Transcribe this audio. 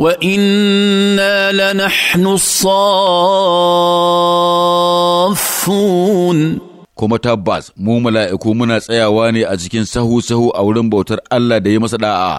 وانا لنحن الصافون kuma tabbas mu mala'iku muna tsayawa ne a cikin sahu-sahu a wurin bautar Allah da ya masa da'a